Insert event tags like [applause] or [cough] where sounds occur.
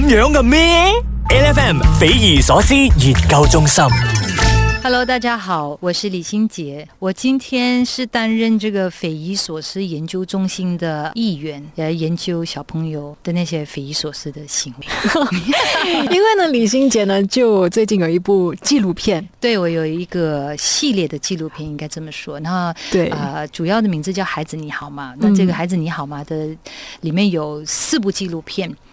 咁樣嘅咩？L F M 匪夷所思研究中心。Hello，大家好，我是李心潔，我今天是擔任這個匪夷所思研究中心的議員，來研究小朋友的那些匪夷所思的行為。 [laughs] [laughs] 因為呢，李心潔呢就最近有一部紀錄片，對我有一個系列的紀錄片，應該這麼說。那對，啊、呃，主要的名字叫《孩子你好嗎》。那這個《孩子你好嗎》的裏面有四部紀錄片。